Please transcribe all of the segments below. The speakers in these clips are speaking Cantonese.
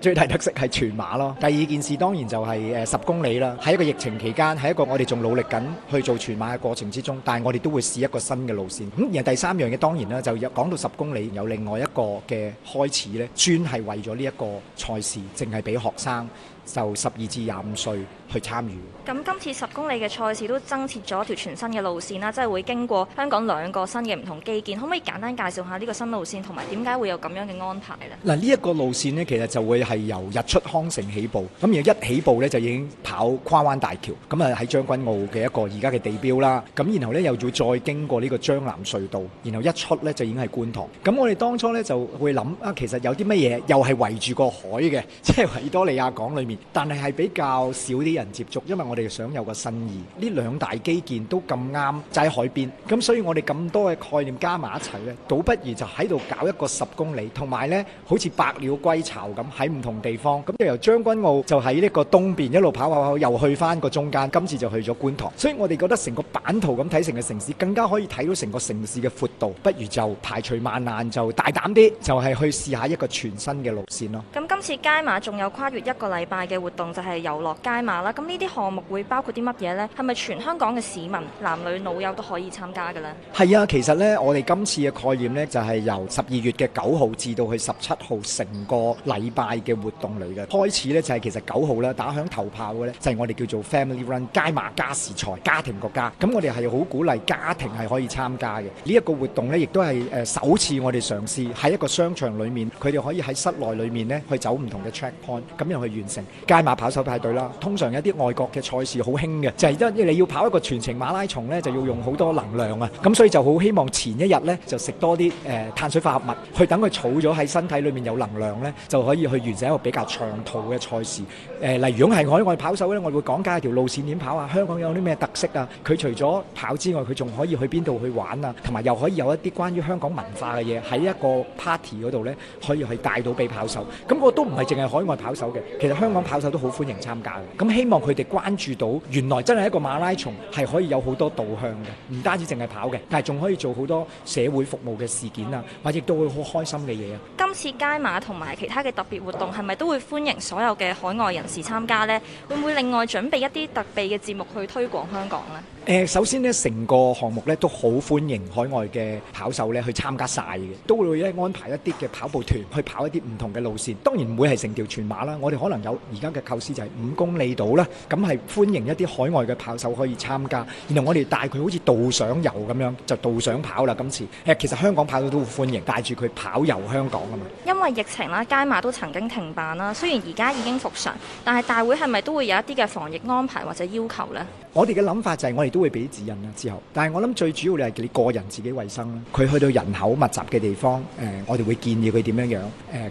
最大特色係全馬咯，第二件事當然就係誒十公里啦，喺一個疫情期間，喺一個我哋仲努力緊去做全馬嘅過程之中，但係我哋都會試一個新嘅路線。咁而第三樣嘢當然啦，就講到十公里有另外一個嘅開始呢，專係為咗呢一個賽事，淨係俾學生。就十二至廿五歲去參與。咁今次十公里嘅賽事都增設咗條全新嘅路線啦，即係會經過香港兩個新嘅唔同基建。可唔可以簡單介紹下呢個新路線同埋點解會有咁樣嘅安排呢？嗱，呢一個路線呢，其實就會係由日出康城起步，咁然後一起步呢，就已經跑跨灣大橋，咁啊喺將軍澳嘅一個而家嘅地標啦。咁然後呢，又會再經過呢個將藍隧道，然後一出呢，就已經係觀塘。咁我哋當初呢，就會諗啊，其實有啲乜嘢又係圍住個海嘅，即係維多利亞港裏面。但係係比較少啲人接觸，因為我哋想有個新意。呢兩大基建都咁啱，就喺海邊。咁所以我哋咁多嘅概念加埋一齊呢，倒不如就喺度搞一個十公里，同埋呢，好似百鳥歸巢咁喺唔同地方。咁由將軍澳就喺呢個東邊一路跑跑跑跑，又去翻個中間。今次就去咗觀塘，所以我哋覺得成個版圖咁睇成個城市，更加可以睇到成個城市嘅闊度。不如就排除萬難，就大膽啲，就係去試下一個全新嘅路線咯。咁今次街馬仲有跨越一個禮拜嘅活動就係遊樂街馬啦，咁呢啲項目會包括啲乜嘢呢？係咪全香港嘅市民，男女老幼都可以參加嘅呢？係啊，其實呢，我哋今次嘅概念呢，就係、是、由十二月嘅九號至到去十七號，成個禮拜嘅活動嚟嘅。開始呢，就係、是、其實九號啦，打響頭炮嘅呢，就係、是、我哋叫做 Family Run 街馬加事財家庭國家，咁我哋係好鼓勵家庭係可以參加嘅。呢、這、一個活動呢，亦都係誒首次我哋嘗試喺一個商場裡面，佢哋可以喺室內裡面呢，去走唔同嘅 checkpoint，咁樣去完成。街馬跑手派對啦，通常有啲外國嘅賽事好興嘅，就係因為你要跑一個全程馬拉松呢，就要用好多能量啊，咁所以就好希望前一日呢就食多啲誒碳水化合物，去等佢儲咗喺身體裏面有能量呢，就可以去完成一個比較長途嘅賽事。誒，例如如果係海外跑手呢，我會講解條路線點跑啊，香港有啲咩特色啊，佢除咗跑之外，佢仲可以去邊度去玩啊，同埋又可以有一啲關於香港文化嘅嘢喺一個 party 嗰度呢，可以去帶到俾跑手。咁我都唔係淨係海外跑手嘅，其實香港。跑手都好歡迎參加嘅，咁希望佢哋關注到，原來真係一個馬拉松係可以有好多導向嘅，唔單止淨係跑嘅，但係仲可以做好多社會服務嘅事件啊，或者都會好開心嘅嘢啊！今次街馬同埋其他嘅特別活動係咪都會歡迎所有嘅海外人士參加呢？會唔會另外準備一啲特備嘅節目去推廣香港呢？誒，首先呢成個項目咧都好歡迎海外嘅跑手咧去參加晒嘅，都會咧安排一啲嘅跑步團去跑一啲唔同嘅路線。當然唔會係成條全馬啦，我哋可能有而家嘅構思就係五公里度啦，咁係歡迎一啲海外嘅跑手可以參加。然後我哋帶佢好似導賞遊咁樣，就導賞跑啦。今次誒，其實香港跑手都會歡迎帶住佢跑遊香港啊嘛。因為疫情啦，街馬都曾經停辦啦，雖然而家已經復常，但係大會係咪都會有一啲嘅防疫安排或者要求呢？我哋嘅諗法就係我哋都會畀指引啦。之後，但係我諗最主要嘅係你個人自己衞生啦。佢去到人口密集嘅地方，誒，我哋會建議佢點樣樣。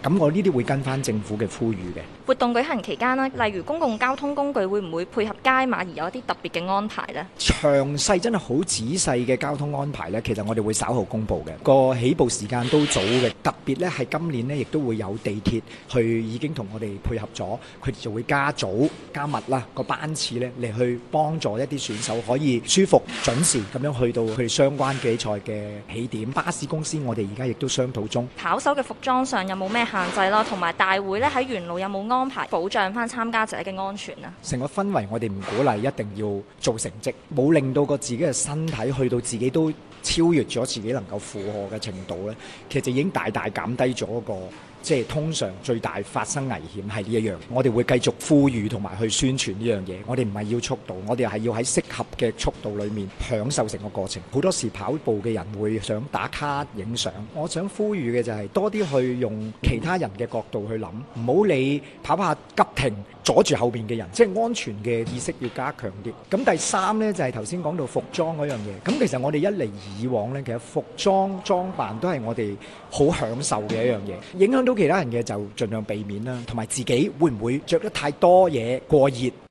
誒，咁我呢啲會跟翻政府嘅呼籲嘅活動舉行期間呢，例如公共交通工具會唔會配合街馬而有一啲特別嘅安排呢？詳細真係好仔細嘅交通安排呢，其實我哋會稍後公布嘅。個起步時間都早嘅，特別呢係今年呢，亦都會有地鐵去已經同我哋配合咗，佢就會加早加密啦個班次呢嚟去幫助一啲選手可以。舒服準時咁樣去到佢相關比賽嘅起點，巴士公司我哋而家亦都商討中。跑手嘅服裝上有冇咩限制咯？同埋大會咧喺沿路有冇安排保障翻參加者嘅安全啊？成個氛圍我哋唔鼓勵一定要做成績，冇令到個自己嘅身體去到自己都超越咗自己能夠負荷嘅程度咧，其實已經大大減低咗個。即係通常最大發生危險係呢一樣，我哋會繼續呼籲同埋去宣傳呢樣嘢。我哋唔係要速度，我哋係要喺適合嘅速度裏面享受成個過程。好多時跑步嘅人會想打卡影相，我想呼籲嘅就係多啲去用其他人嘅角度去諗，唔好理跑下急停阻住後邊嘅人，即係安全嘅意識要加強啲。咁第三咧就係頭先講到服裝嗰樣嘢。咁其實我哋一嚟以往咧，其實服裝裝扮都係我哋好享受嘅一樣嘢，影響到。其他人嘅就盡量避免啦、啊，同埋自己會唔會着得太多嘢過熱？